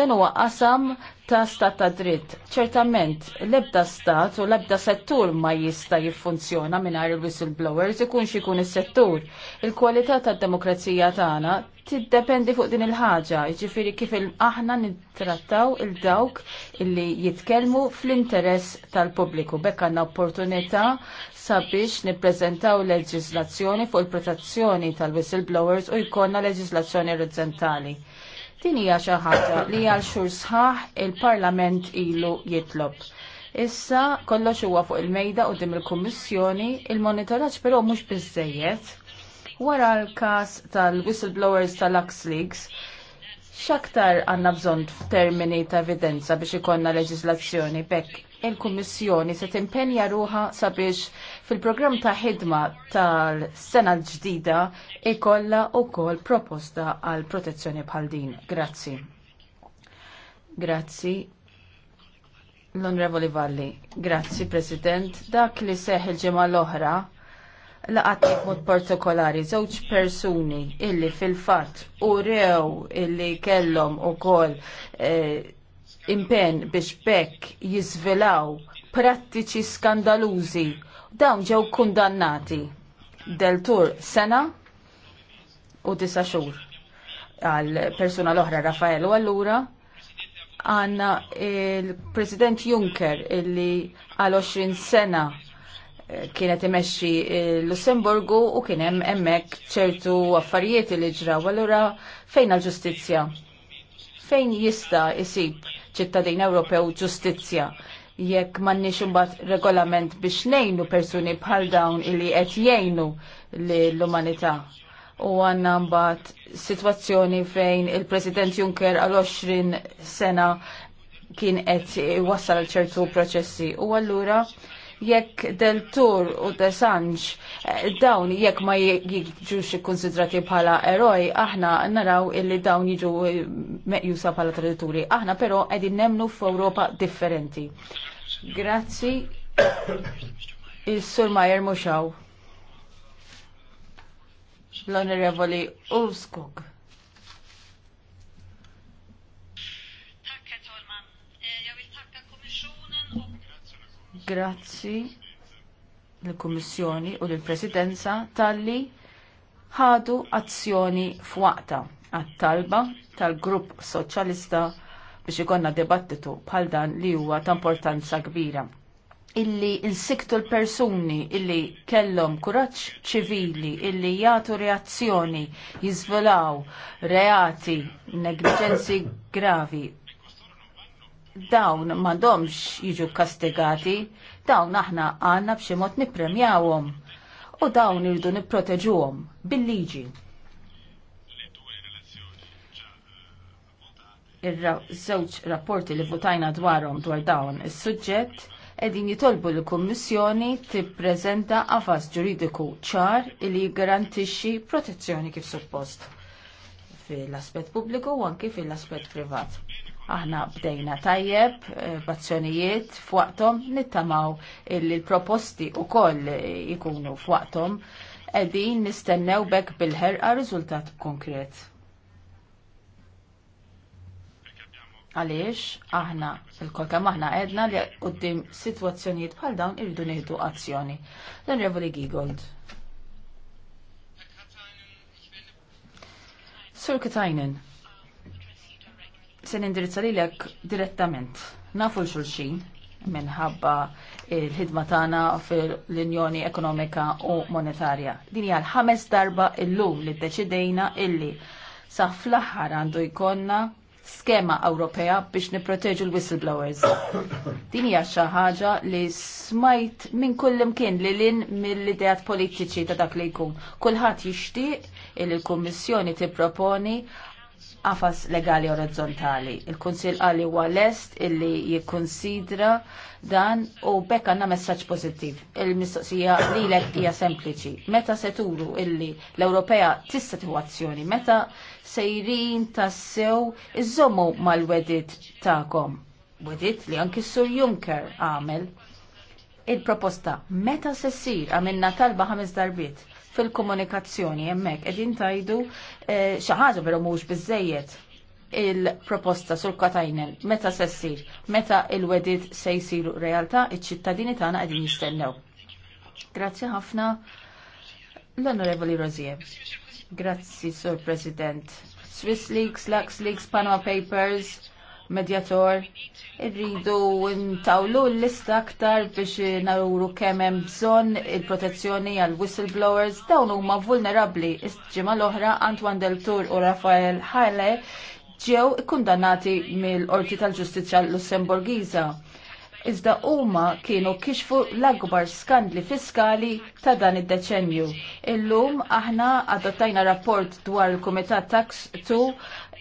B: dan huwa qasam ta' stat ta' dritt. Ċertament, l-ebda stat u l-ebda settur ma jista' jiffunzjona mingħajr il-whistleblowers ikun xikun is-settur. Il-kwalità tad-demokrazija tagħna tiddependi fuq din il-ħaġa, jiġifieri kif aħna nittrattaw il-dawk illi jitkellmu fl-interess tal-pubbliku. Bekk għandna opportunità sabiex nippreżentaw leġislazzjoni fuq il-protezzjoni tal-whistleblowers u jkollna leġislazzjoni orizzontali. Din hija xi ħaġa li għal xhur sħaħ il-Parlament ilu jitlob. Issa kollox huwa fuq il-mejda u dim il-Kummissjoni, il-monitoraġġ però mhux biżejjed. Wara l-każ tal-whistleblowers tal-Lux Leaks, x'aktar għandna bżonn f'termini ta' evidenza biex ikonna leġiżlazzjoni bekk il-Kummissjoni se timpenja ruħa sabiex fil-programm ta' ħidma tal-sena l-ġdida ikolla u kol proposta għal protezzjoni bħal din. Grazzi. Grazzi. L-Onrevoli Valli, grazzi President, dak li seħ il-ġemma l-oħra laqat mod partikolari żewġ persuni illi fil-fatt u rew illi kellhom ukoll eh, impen biex bekk jizvilaw prattiċi skandalużi Dawn ġew kundannati deltur sena u tisa xhur għal persuna l-oħra Rafael Wallura allura għanna il-President Juncker illi għal 20 sena eh, kienet imexxi Lussemburgu u kien hemm hemmhekk ċertu affarijiet li ġraw allura fejn għall-ġustizzja? Fejn jista' isib ċittadin Ewropew ġustizzja? jekk m'għandniex imbagħad regolament biex ngħinu persuni bħal dawn illi qed jgħinu l-umanità. U għanna mbagħad sitwazzjoni fejn il-President Juncker għal 20 sena kien qed wassal ċertu proċessi. U allura jekk Del Tour u De Sanj eh, dawn jekk ma jiġux ikkonsidrati bħala eroj, aħna naraw illi dawn jiġu eh, meqjusa bħala tradituri. Aħna però qegħdin nemnu f'Ewropa differenti. Grazzi. Il-Sur Majer Muxaw. L-Onorevoli Ulskog. Grazzi l-Kummissjoni u l-Presidenza tal-li ħadu azzjoni f'waqta għat-talba tal-Grupp Soċjalista biex ikonna debattitu bħal dan li huwa ta' importanza kbira. Illi insiktu l-persuni illi kellhom kuraġġ ċivili illi jagħtu reazzjoni, jiżvelaw reati, negliġenzi gravi dawn m'għandhomx jiġu kastigati, dawn aħna għandna b'xi mod nippremjawhom u dawn irridu nipproteġuhom bil-liġi. Iż-żewġ rapporti li votajna dwarhom dwar dawn is-suġġett edin jitolbu l-Kommissjoni tippreżenta qafas ġuridiku ċar li jgarantixxi protezzjoni kif suppost fil-aspett pubbliku u anke fil-aspett privat. Aħna bdejna tajjeb, eh, bazzjonijiet fuqtom, nittamaw illi l-proposti u koll ikunu fuqtom, qegħdin nistennew bekk bil-ħerqa riżultat konkret. Għaliex aħna il-kol kemm aħna li għoddim sitwazzjonijiet bħal dawn irridu nieħdu azzjoni. L-Onorevoli Gigold. Sur Katajnen se nindirizza lilek direttament. Nafu l-xulxin minħabba il-ħidma tagħna fil-Unjoni Ekonomika u Monetarja. Din hija l-ħames darba illum li ddeċidejna illi sa fl-aħħar għandu jkollna skema Ewropea biex nipproteġu l-whistleblowers. Din hija xi ħaġa li smajt minn kull imkien li lin mill-ideat politiċi ta' dak li jkun. Kulħadd jixtieq il-Kummissjoni tipproponi qafas legali orizzontali. Il-Kunsil għali huwa lest illi jikkonsidra dan u bekk għandna messaġġ pozittiv. Il-mistoqsija lilek hija sempliċi. Meta se turu illi l-Ewropea tista' tieħu azzjoni, meta sejrin tassew iżommu mal-wedit tagħkom. Wedit li anki Sur Juncker għamel il-proposta meta se ssir għamilna talba ħames darbiet fil-komunikazzjoni hemmhekk qegħdin tajdu eh, xi ħaġa però mhux il-proposta sur katajnen, meta se ssir, meta il-wedid se jsiru realtà, iċ-ċittadini tagħna qegħdin jistennew. Grazzi ħafna l-Onorevoli Rozie. Grazzi, Sur President. Swiss Leaks, Lux Leaks, Panama Papers, medjator. Irridu ntawlu l-lista aktar biex naruru kemm hemm bżonn il-protezzjoni għal whistleblowers dawn huma vulnerabbli. Is-ġimgħa l-oħra Antwan Del Tour u Rafael Hale ġew ikkundannati mill-Qorti tal-Ġustizzja Lussemburgiża. Iżda huma kienu kixfu l-akbar skandli fiskali ta' dan id-deċenju. Illum aħna adottajna rapport dwar il-Kumitat Tax 2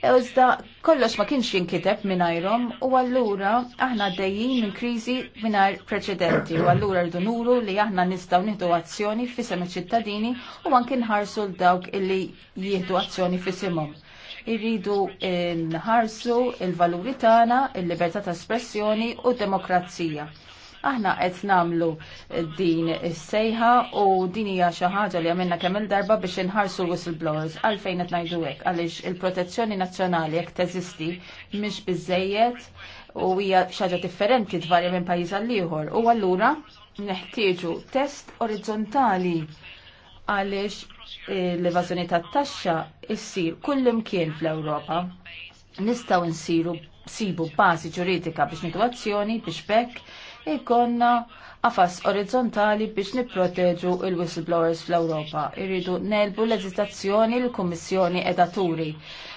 B: Iżda kollox ma kienx jinkiteb minnajrom u allura aħna dejjin minn kriżi minnajr preċedenti u allura rridu nuru li aħna nistgħu nieħdu azzjoni fissem ċittadini u kien nħarsu l dawk illi jieħdu azzjoni f'isimhom. Irridu eh, nħarsu il-valuri tagħna, il-libertà ta' espressjoni u d demokrazija Aħna qed nagħmlu din is-sejħa u din hija xi ħaġa li għamilna kemm il-darba biex inħarsu whistleblowers għalfejn qed ngħidu hekk għaliex il-protezzjoni nazzjonali jekk teżisti mhix biżejjed u hija xi ħaġa differenti tvarja minn pajjiż għal ieħor. U allura neħtieġu test orizzontali għaliex eh, l-evażjoni tat-taxxa issir kullimkien fl-Ewropa. Nistgħu nsiru sibu bażi ġuridika biex nitwazzjoni biex bekk ikonna għafas orizzontali biex nipproteġu il-whistleblowers fl-Europa. Irridu nelbu l-eżitazzjoni l-Kommissjoni edaturi.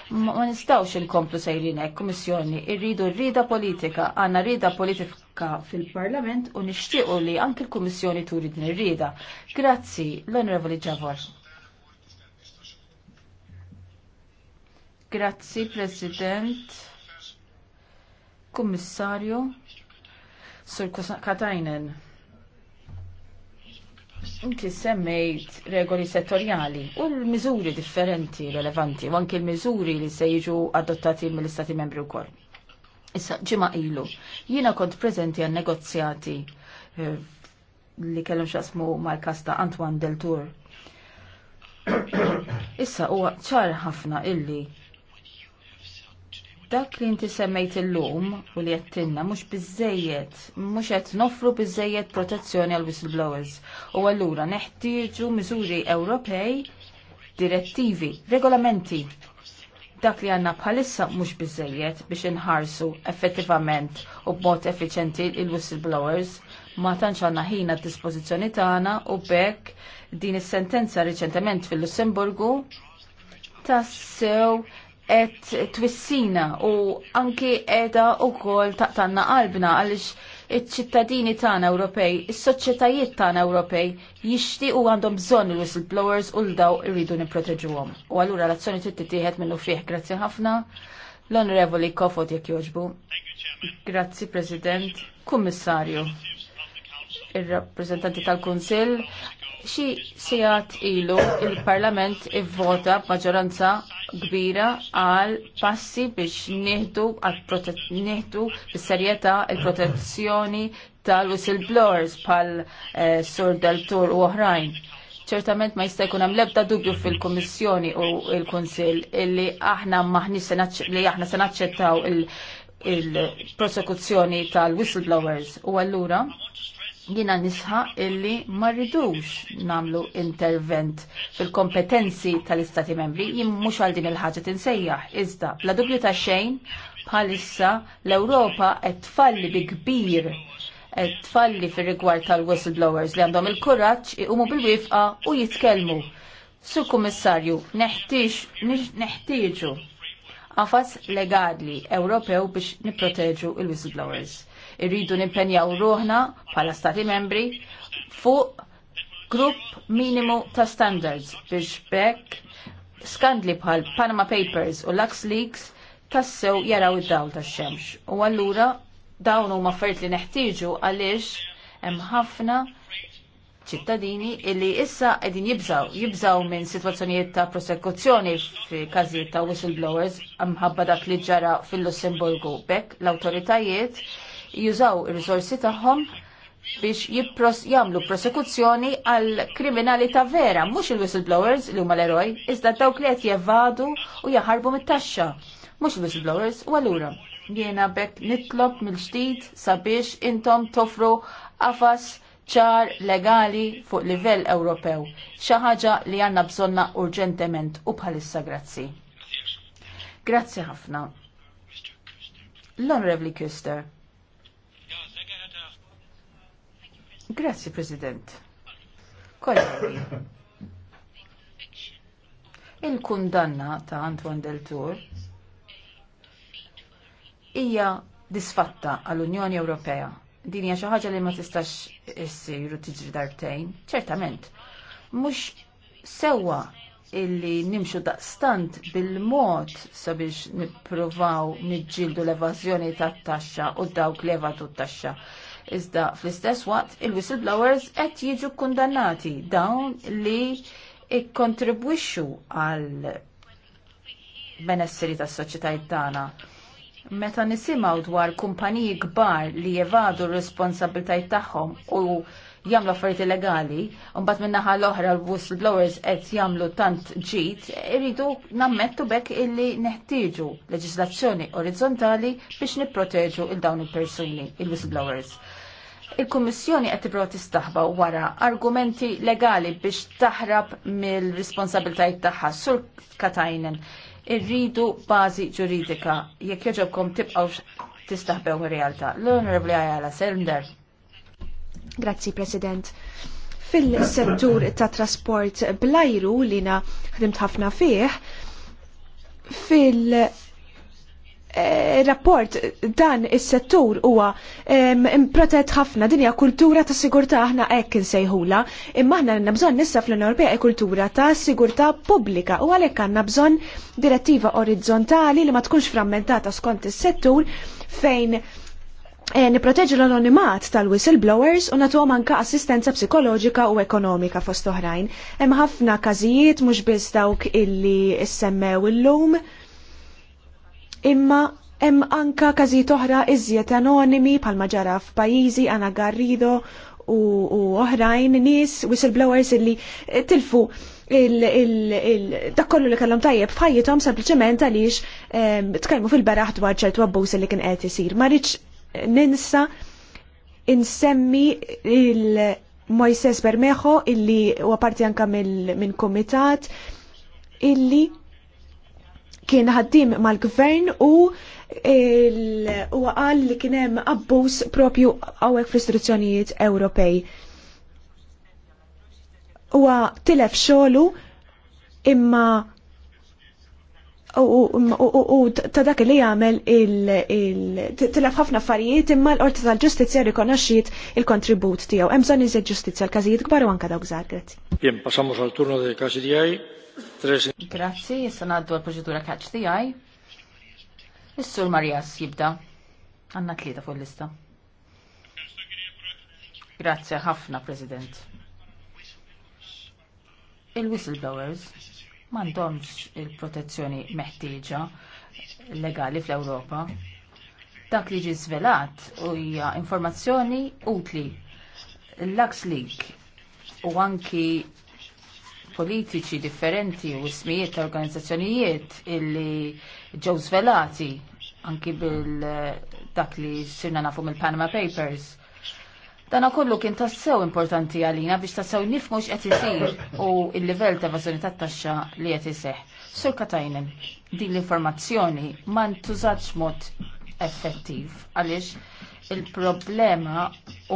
B: Ma nistawx il-komplu sejrinek, Kommissjoni, irridu rida politika, għanna rida politika fil-Parlament u nixtiequ li anke l-Kommissjoni turi din Grazzi, l-Onorevoli Ġavor. Grazzi, President. Kummissarju. Sur Katajnen. Inti semmejt regoli settorjali u l-miżuri differenti relevanti, u anki l-miżuri li se jiġu adottati mill-Istati membri wkoll. Issa, ġimgħa ilu, jiena kont preżenti għan negozjati eh, li kellhom xasmu mal-kasta Antoine Deltour. Issa huwa ċar ħafna illi dak li inti semmejt illum u li jattinna mux bizzejiet, mux jett nofru bizzejiet protezzjoni għal whistleblowers. U għallura neħtieġu miżuri Ewropej, direttivi, regolamenti. Dak li għanna bħalissa mux bizzejiet biex inħarsu effettivament u b'mod effiċenti il-whistleblowers ma tantx għandna ħina d dispożizzjoni tagħna u bekk din is-sentenza riċentement fil-Lussemburgu tassew qed twissina u anki qiegħda wkoll taqtanna qalbna għaliex iċ-ċittadini tagħna Ewropej, is-soċjetajiet tan Ewropej u għandhom bżonn il-whistleblowers u l-daw irridu nipproteġuhom. U allura l-azzjoni trid tittieħed minnu fih. Grazzi ħafna. L-Onorevoli Kofot jekk jogħġbu. Grazzi President, Kummissarju, ir-rappreżentanti tal-Kunsill, xi sijat ilu il-Parlament ivvota b'maġġoranza kbira għal passi biex nieħdu għal nieħdu bis-serjetà il-protezzjoni tal-whistleblowers pal eh, Sur Deltur u oħrajn ċertament ma jista' jkun hemm l-ebda dubju fil-Kummissjoni u l-Kunsill illi aħna maħniex li aħna se naċċettaw il-prosekuzzjoni tal-whistleblowers u allura jina nisħa illi ma rridux namlu intervent fil-kompetenzi tal-istati membri, jim mux għal din il-ħagġa tinsejjaħ, iżda bla dubju ta' xejn bħalissa l-Ewropa qed tfalli bi kbir qed tfalli fir-rigward tal-whistleblowers li għandhom il-kuraġġ iqumu bil-wifqa u jitkellmu. Sur Kummissarju, neħtieġu għafas legali Ewropew biex nipproteġu il-whistleblowers irridu nimpenjaw ruħna bħala stati membri fuq grupp minimu ta' standards biex bekk skandli bħal Panama Papers u Lux Leaks tassew jaraw id-dawl tax-xemx. U allura dawn huma affarijiet li neħtieġu għaliex hemm ħafna ċittadini illi issa qegħdin jibżaw, jibżaw minn sitwazzjonijiet ta' prosekuzzjoni fi każijiet ta' whistleblowers mħabba dak li ġara fil-Lussemburgu. Bekk l-awtoritajiet jużaw il riżorsi tagħhom biex jipros jamlu prosekuzzjoni għal kriminali ta' vera, mux il-whistleblowers li huma l-eroj, iżda dawk li qed jevadu u jaħarbu mit-taxxa. Mux il-whistleblowers u għallura. Jena bekk nitlob mill-ġdid sabiex intom tofru għafas ċar legali fuq livell Ewropew. Xi ħaġa li għandna bżonna urġentement u bħalissa grazzi. Grazzi ħafna. L-Onorevli Kuster. Grazzi, President. Kollegi. Il-kundanna ta' Antoine Del Tour hija disfatta għall-Unjoni Ewropea. Din hija xi ħaġa li ma tistax issir u tiġri darbtejn, ċertament. Mhux sewwa illi nimxu daqstant bil-mod sabiex nippruvaw niġġieldu l-evażjoni tat-taxxa u dawk l-evatu t-taxxa. Iżda fl-istess waqt il-whistleblowers qed jiġu kundannati dawn li ikkontribwixxu għal benesseri tas-soċjetajiet tagħna. Meta nisimgħu dwar kumpaniji kbar li jevadu r-responsabiltajiet tagħhom u jamlu affarijiet illegali, mbagħad min-naħa l-oħra l-whistleblowers qed jagħmlu tant ġid, iridu nammettu bekk illi neħtieġu leġislazzjoni orizzontali biex nipproteġu il dawn il-persuni, il-whistleblowers. Il-Kummissjoni qed tipprova tistaħba wara argumenti legali biex taħrab mill-responsabiltajiet tagħha sur Katajnen. Irridu bażi ġuridika jekk jogħġobkom tibqgħu tistaħbew ir-realtà. L-Onorevoli Ajala Sender.
D: Grazzi President. Fil-settur ta' trasport blajru li na ħdimt ħafna fih, fil- Eh, rapport dan is-settur huwa protett ħafna dinja kultura ta' sigurtà aħna hekk insejħula, imma aħna għandna bżonn issa fl-Unjoni Ewropea kultura ta' sigurtà pubblika u għalhekk għandna bżonn direttiva orizzontali li ma tkunx frammentata skont is-settur fejn eh, niproteġu l-anonimat tal-whistleblowers u natu manka assistenza psikoloġika u ekonomika fost oħrajn. Hemm ħafna każijiet mhux biss dawk illi issemmew illum. lum imma hemm anka każijiet oħra iżjed anonimi bħalma ġara f'pajjiżi għana Garrido u, oħrajn nies whistleblowers illi tilfu dak kollu li kellhom tajjeb f'ħajjithom sempliċement għaliex tkellmu fil-beraħ dwar ċertu abbuż li kien qed isir. Ma rridx ninsa insemmi il Moises Bermejo illi huwa parti anka minn komitat illi kien ħaddim mal-gvern u għal li kien hemm abbuż propju għawek fl-istruzzjonijiet Ewropej. Huwa tilef xogħlu imma u ta' dak li jagħmel tilaf ħafna affarijiet imma l-Qorti tal-Ġustizzja rikonoxxiet il-kontribut tiegħu. Hemm bżonn iżjed ġustizzja l-każijiet kbar u anke dawk żgħar. Grazzi. Bien, passamos għal turno dei każi tiegħi.
B: Grazzi, issa ngħaddu għall-proċedura catch tiegħi. Is-Sur Marjas jibda. Għandna tlieta fuq lista Grazzi ħafna, President. Il-whistleblowers m'għandhomx il-protezzjoni meħtieġa legali fl-Ewropa. Dak li ġi żvelat hija informazzjoni utli. L-Lux u anki politiċi differenti u ismijiet ta' organizzazzjonijiet illi ġew zvelati anki bil dak li sirna nafu mill-Panama Papers Dana kollu kien tassew importanti għalina biex tassew nifmu x'qed isir u l livell ta' evażjoni tat-taxxa li qed iseħħ. Sur Katajnen, din l-informazzjoni ma ntużatx mod effettiv għaliex il-problema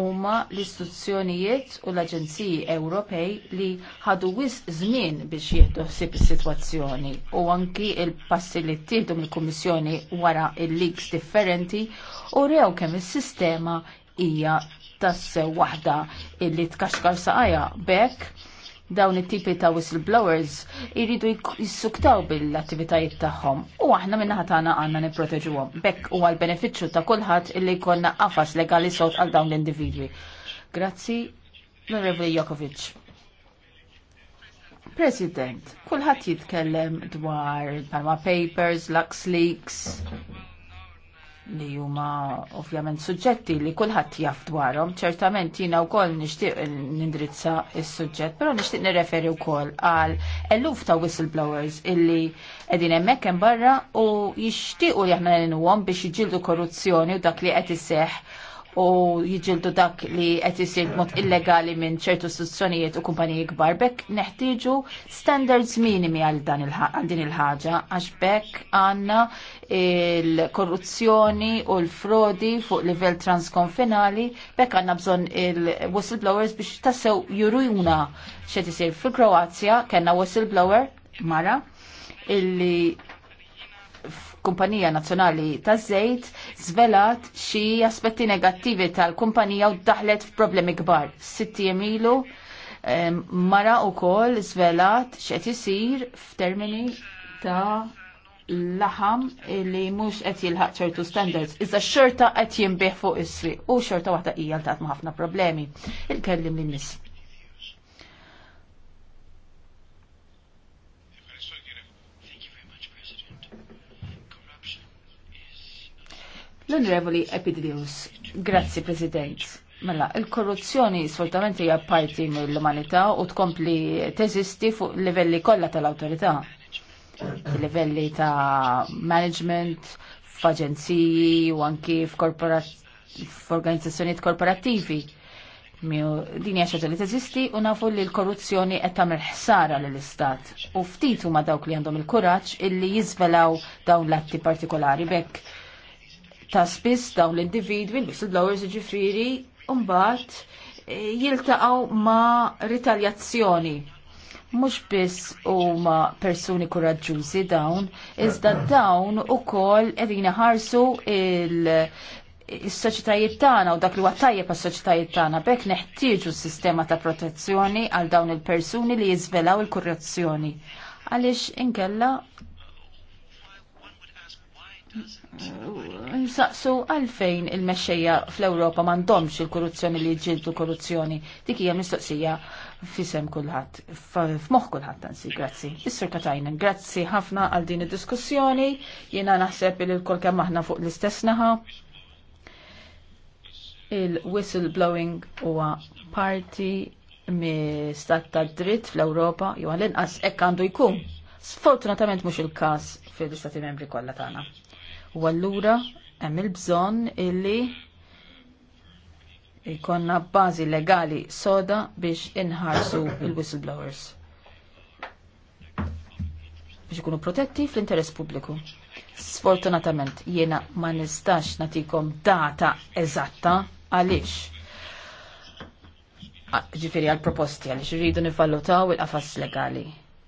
B: huma l-istituzzjonijiet u l-aġenziji Ewropej li ħadu wis żmien biex jieħdu ħsieb is-sitwazzjoni u anki il-passi li ttieħdu mill-Kummissjoni wara il-leaks differenti u rew kemm is-sistema hija tassew waħda illi tkaxkar saqajja bekk dawn it-tipi ta' whistleblowers iridu jissuktaw bil-attivitajiet tagħhom u aħna minna tagħna għandna nipproteġuhom. Bekk huwa l-benefiċċju ta' kulħadd illi jkollna qafas legali sot għal dawn l-individwi. Grazzi, l Jokovic. President, kulħadd jitkellem dwar Panama Papers, lux leaks li huma ovvjament suġġetti li kulħadd jaf dwarhom, ċertament jiena wkoll nixtieq nindrizza s-suġġett, però nixtieq nirreferi wkoll għal eluf ta' whistleblowers illi qegħdin hemmhekk hemm barra u jixtiequ li aħna ninhom biex jiġildu korruzzjoni u dak li qed iseħħ u jiġildu dak li qed isir mod illegali minn ċertu istituzzjonijiet u kumpaniji kbar. Bekk neħtieġu standards minimi għal dan din il-ħaġa għax bekk għandna il-korruzzjoni u l-frodi fuq livell transkonfinali, bekk għandna bżonn il-whistleblowers biex tassew juruna xed isir fil-Kroazja kellna whistleblower mara illi kumpanija nazzjonali taż-żejt żvelat xi aspetti negattivi tal-kumpanija u daħlet f'problemi kbar. Sitti Emilu mara u kol zvelat xet jisir f'termini ta' laħam li mux qed jilħaq ċertu standards. Iżda xorta qed jinbih fuq is u xorta waħda hija l ħafna problemi. Il-kellim li nis. L-Onorevoli Epidrius, grazie President. Mela, il-korruzzjoni sfortunatamente hija parti mill-umanità u tkompli teżisti fuq livelli kollha tal-awtorità. Livelli ta' management, f'aġenziji u anki f'organizzazzjonijiet korporattivi. Din hija xaġa li teżisti u nafu li l-korruzzjoni qed tagħmel ħsara lill istat U ftit huma dawk li għandhom il-kuraġġ illi jiżvelaw dawn l-atti partikolari bekk ta' spiss dawn l-individwi, l-whistleblowers ġifiri, umbat eh, jiltaqaw ma' ritaljazzjoni. Mux biss u ma' persuni kuraġġużi dawn, iżda dawn u kol edina ħarsu il- is soċitajiet tagħna u dak li huwa tajjeb għas-soċjetajiet tagħna bekk neħtieġu s-sistema ta' protezzjoni għal dawn il-persuni li jiżvelaw il-korruzzjoni. Għaliex inkella Saqsu għalfejn il-mexxejja fl-Ewropa m'għandhomx il-korruzzjoni li ġiltu korruzzjoni. Dik hija mistoqsija fisem kulħadd, f'moħħ kulħadd tansi. grazzi. Is-Sur Katajnen, grazzi ħafna għal din id-diskussjoni. Jiena naħseb li l-kol kemm aħna fuq l-istess naħa. Il-whistleblowing huwa parti mi stat ta' dritt fl-Ewropa jew għall-inqas hekk għandu jkun. Sfortunatament mhux il-każ fil-istati membri kollha tagħna. U allura hemm il-bżonn illi jkollna bażi legali soda biex inħarsu il-whistleblowers biex ikunu protetti fl-interess pubbliku. Sfortunatament jiena ma nistax natikom data eżatta għaliex ah, ġifiri għal proposti għaliex rridu nifallutaw il-qafas legali.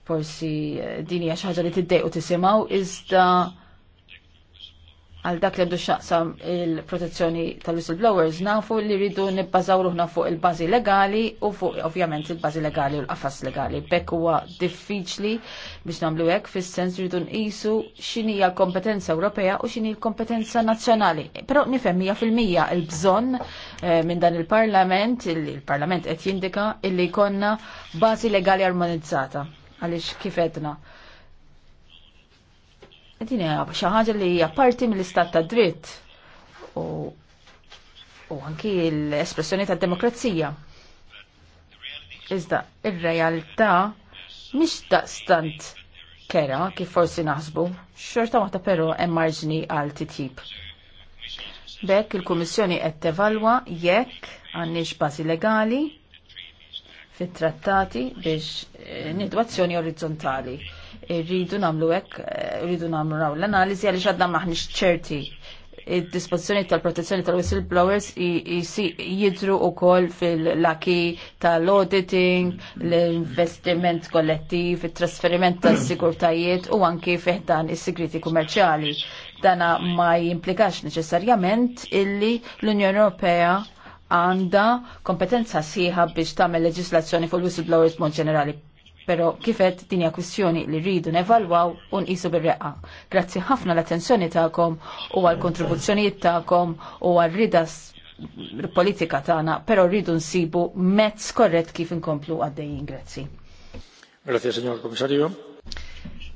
B: Forsi eh, dini li ħaġa li tiddejqu tisimaw iżda għal dak li għandu xaqsam il-protezzjoni tal-whistleblowers nafu li rridu nibbażaw ruħna fuq il-bazi legali u fuq ovvjament il-bazi legali u l-qafas legali. Bekk huwa diffiċli biex nagħmlu hekk fis-sens rridu nqisu x'inhi l-kompetenza Ewropea u x'inhi l-kompetenza nazzjonali. Però nifhem hija fil-mija l-bżonn eh, minn dan il-Parlament, il-Parlament qed jindika illi jkollna bażi legali armonizzata għaliex kif edna Din hija xi ħaġa li hija parti mill-istat ta' dritt u, u anki l-espressjoni ta' demokrazija. Iżda ir-realtà mhix stant kera kif forsi naħsbu, xorta waħda pero hemm marġni għal titjib. Bekk il-Kummissjoni qed tevalwa jekk għandniex bażi legali fit-trattati biex eh, nidwazzjoni orizzontali rridu namlu hekk, eh, rridu namlu raw l-analiżi għaliex għadna maħniex ċerti id disposizjoni tal-protezzjoni tal-whistleblowers jidru u koll fil-laki tal-auditing, l-investiment kollettiv, il-trasferiment tal-sigurtajiet u anki fiħdan is sigriti kummerċali. Dana ma jimplikax neċessarjament illi l-Unjoni Ewropea għanda kompetenza sieħa biex tagħmel leġislazzjoni fuq whistleblowers mod ġenerali. Pero kifet dinja kwistjoni li rridu nevalwaw un isu bil-reqqa. Grazzi ħafna l-attenzjoni ta'kom u għal-kontribuzzjonijiet ta'kom u għal-ridas politika tagħna, pero rridu nsibu mezz korrett kif inkomplu għaddejjin. Grazzi.
D: Grazzi signor Komissarju.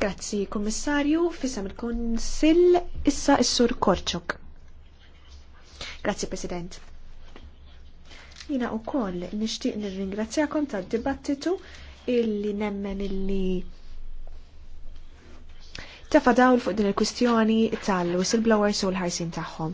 D: Grazzi, Komissarju. Fissam il-Konsil, issa Issur sur Korċok. Grazzi, President. Jina u koll nishtiq nir-ringrazzjakom tal-dibattitu illi nemmen illi tafa dawl fuq din il-kustjoni tal-whistleblowers u l-ħarsin tagħhom.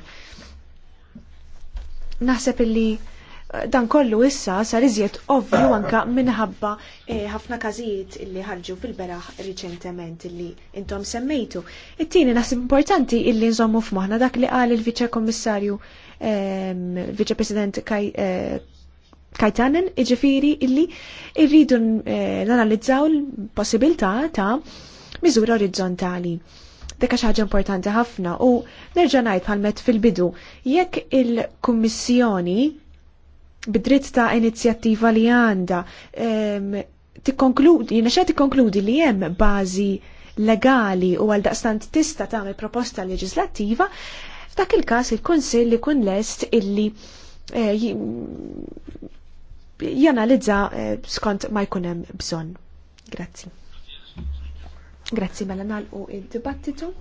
D: Naħseb illi eh, dan kollu issa sar iżjed ovvju anka minħabba eh, ħafna e, każijiet illi ħarġu fil-beraħ riċentement illi intom semmejtu. It-tieni naħseb importanti illi nżommu f'moħħna dak li qal il-Viċe Kommissarju, il-Viċe ehm, President Kaj, eh, Kajtanen, iġifiri illi irridu eh, nanalizzaw l-possibilità ta' miżura orizzontali. Deka xaġa importanti ħafna u nerġa' ngħid bħalmet fil-bidu jekk il-Kummissjoni bidritt ta' inizjattiva li għandha tikkonkludi, jina xa tikkonkludi li hemm bażi legali u għal daqstant tista tagħmel proposta leġislattiva, f'dak il-każ il-Kunsill kun lest illi eh, janalizza eh, skont ma jkunem bżon. Grazzi. Grazzi mela nalqu id-dibattitu.